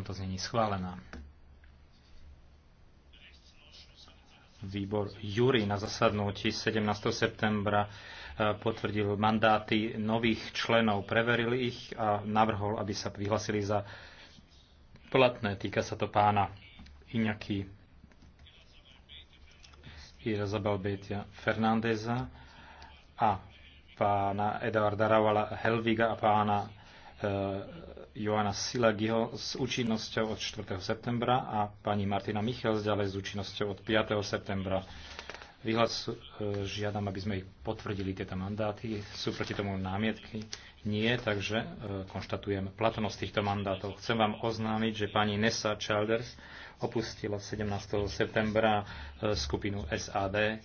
tomto znení schválená. Výbor Júri na zasadnutí 17. septembra e, potvrdil mandáty nových členov, preveril ich a navrhol, aby sa vyhlasili za platné. Týka sa to pána Iňaky Irazabel Betia Fernándeza a pána Eduarda rauala Helviga a pána e, Joana Silagiho s účinnosťou od 4. septembra a pani Martina Michal ďalej s účinnosťou od 5. septembra. Vyhlas e, žiadam, aby sme ich potvrdili tieto mandáty. Sú proti tomu námietky? Nie, takže e, konštatujem platnosť týchto mandátov. Chcem vám oznámiť, že pani Nessa Childers opustila 17. septembra e, skupinu SAD